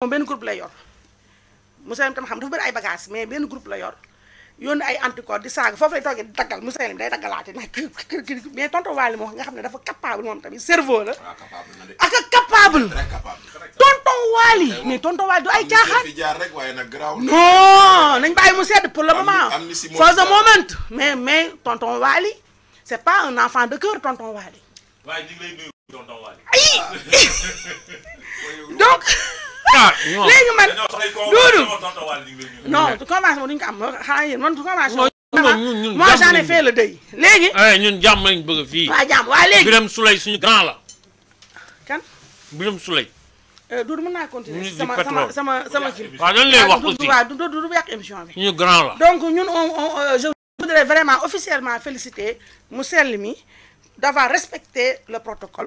moom benn groupe la yor Moussa tam xam dafa bëri ay bagage mais benn groupe la yor yónni ay anticorps di saaga foofu lay toogee di daggal Moussa Lim day daggalaate nag mais tonton Waly moo nga xam ne dafa capable moom tamit ah, a mais tonton Waly du ay caaxaan non nañ bàyyi mu sedd pour le moment for the moment mais mais tonton Waly c'est pas un enfant de cœur tonton Waly donc non j'en fait le donc je voudrais vraiment officiellement féliciter le d'avoir respecté le protocole.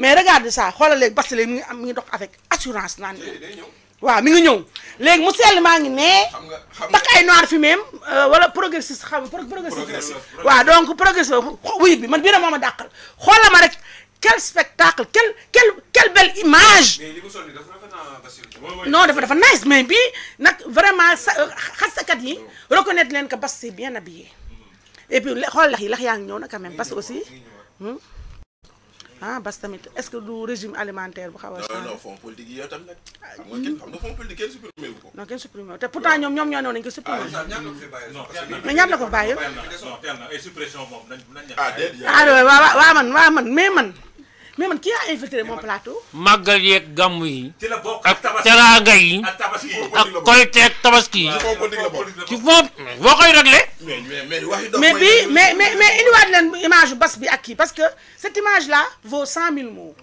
mais regarde ça xoolal léegi Basi léegi mi ngi am mi ngi dox avec assurance naan waaw mi ngi ñëw léegi mu sell maa ngi ne. takk noir fi même euh, wala progressiste progressiste. waaw donc progressiste oui bi man bii rek moo ma ma rek quel spectacle quel quel quelle belle image. non dafa dafa nice mais bii vraiment sa euh, xastakat yi oh. reconnaître leen que Basi c'est bien habillé et puis xool lax yi a yaa ngi ñëw quand même parce aussi ah bas tamit est-ce que du régime alimentaire bu xawa a. non non fonds politique yi yow tam nak ah, xam nga kenn xam nga fonds politique kenn supprimer wu ko. non kenn supprimer wu te pourtant ñom ñom ñoo ne nañu ko supprimer ah ñaar la ko fi bàyyi. non ñaar la ko baye non suppression mom nañ nañu. ah déedéet ah wa wa man wa man mais man mais man qui a infiltré mon plateau. Magali et gàmm yi. ak yi. tabaski Tu vois, vous boo régler. réglé. mais mais y mais mais mais image bas bi parce que cette image là vaut cent mille mots.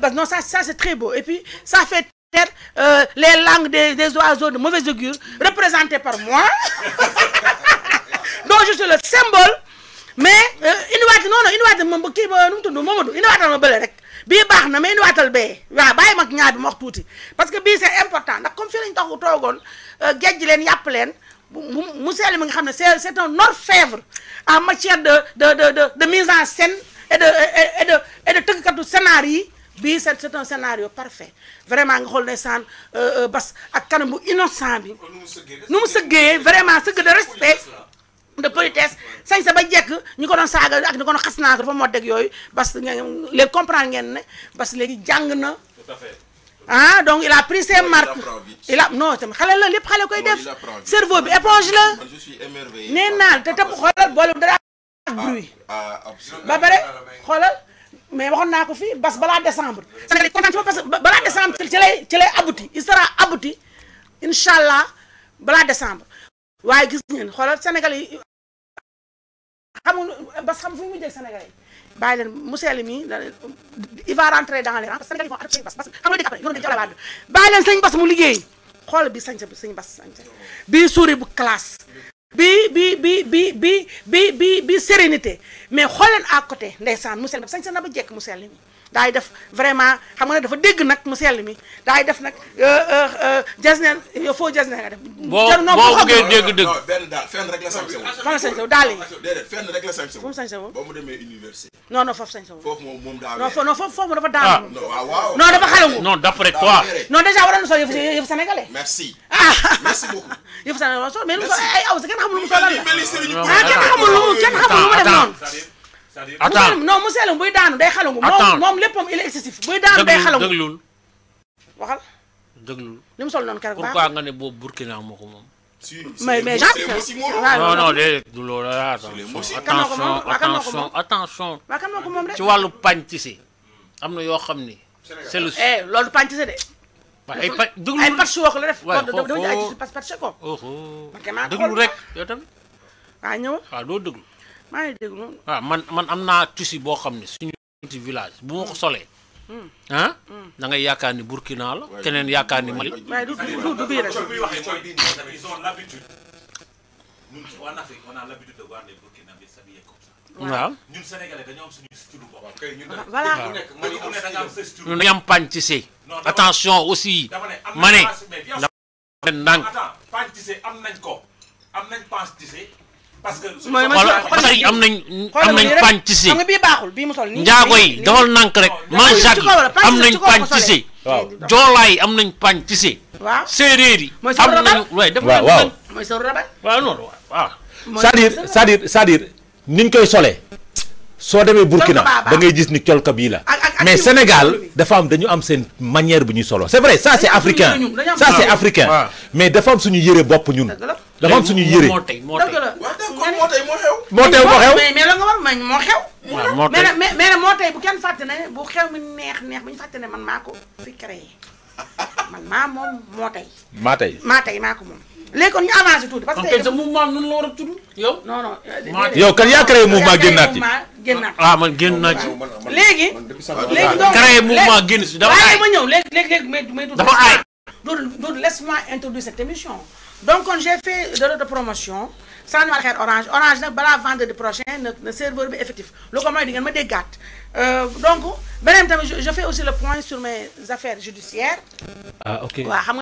bas non ça c'est très beau et puis ça fait. Euh, les langues des, des, oiseaux de mauvaise augure, représentées par moi, dont je suis le symbole mais euh, il non non une gens qui ba nu mu rek que parce que c'est important comme lañ euh, c'est un orfèvre en matière de de mise en scène et de et de et de scénario c'est un scénario parfait vraiment nga y a bas ak innocent Nous, nous vraiment de respect de politesse sañ sa ba jekk ñu ko doon saaga ak ñu ko doon xas naa moo deg yooyu parce que léegi comprendre ngeen ne parce que léegi jàng na ah donc il a pris ses marques il a non tamit xale la lépp xale koy def cerveau bi éponge la nee naa te tëpp xoolal boole dara ak ah, ah, ba bare xoolal mais waxoon naa ko fii bas balaa décembre Sénégal kontaan ci parce que balaa décembre ci lay ci lay abouti il sera abouti incha allah balaa décembre waaye gis ngeen xoolal Sénégal yi xamul Bass xam fu mu mujjee Sénégalais yi bàyyi leen Moussa mi il va rentrer dans les rangs parce que Sénégalais yi vont adopter Bass Bass xam nga dégg après yoon dañu jox la waat bas leen sëñ bi sañse bii sourire bu classe bi bi bi bi bi bi bi bi sérénité mais xool leen à côté ndeysaan Moussa mi sañse na ba jekk Moussa mi daay def vraiment xam nga ne dafa dégg nag mu sell mi daay def nag jas neen yow foo jas neen nga def. boo boo bëggee dégg dëgg benn daal fenn rek la sañ sa bopp. fan la sañ sa bopp daal yi. déedéet fenn rek la sañ sa bopp. fu mu sa bopp ba mu demee sa dafa daa. Ah. non dafa xalangu. non d'après toi. non déjà sol yëfu yëfu sénégalais. merci. Ah. merci beaucoup. sol mais lu kenn xamul lu mu sol lan la. Ah, kenn xamul lu mu def noonu. attends non monsieur Loum buy daanu day xalangu. moom moom il est buy daanu day xalangu déglul waxal. déglul li mu sol noonu keroog pourquoi nga ne boobu Burkina moo ko moom. si mais mais non non déedéet du loolu ah, attention attention attention ci wàllu pàncisi am na yoo xam ni. c'est le eh, loolu pàncisi de. ay pa ay pàcc woo ko oh, oh. rek yow tamit. waaw ah, ñëw waaw ah, doo déglu. maa ah, man man am naa tissu boo xam ne suñu ci village bu ma ko solee. Hmm. ah hmm. da yaakaar ni Burkina la keneen yaakaar ni Mali. waaye du du du bii parce que mooy yi am nañ am nañ pàñ ci si. xam nga bii bii mu sol nii njaago yi dawal nànk rek. manjaak am nañ pàñ ci si. waaw yi am nañ pàñ ci si. waaw yi. mooy sa rabal am nañ waay dafa mooy sa rabal. waaw non niñ koy sole soo demee Burkina da ngay gis ni colka bii la. mais Sénégal dafa am dañu am seen manière bu ñuy solo c'est vrai ça c'est africain ça c'est africain mais dafa am suñu yére bopp ñun dafa am suñu yére moo tey moo tey moo tey moo xew. moo tey moo xew mais la nga war ma moo xew. moo tey moo tey bu kenn fàtte ne bu xew mi neex neex bu ñu fàtte ne man maa ko fi créé man maa moo maa tey maa tey maa ko moom. léegi kon ñu avancé parce que a tudd yow. non non euh, yaa créé mouvement génnaat ci ah man génn naa ci. léegi. léegi ah, créé mouvement génn si dafa aay Donc, laisse-moi introduire cette émission. Donc, j'ai fait de la promotion, sans fait Orange, Orange, n'a pas vendredi prochain, le serveur est effectif. Le commandant, me dégâte. Euh, donc, je, je fais aussi le point sur mes affaires judiciaires. Ah, ok.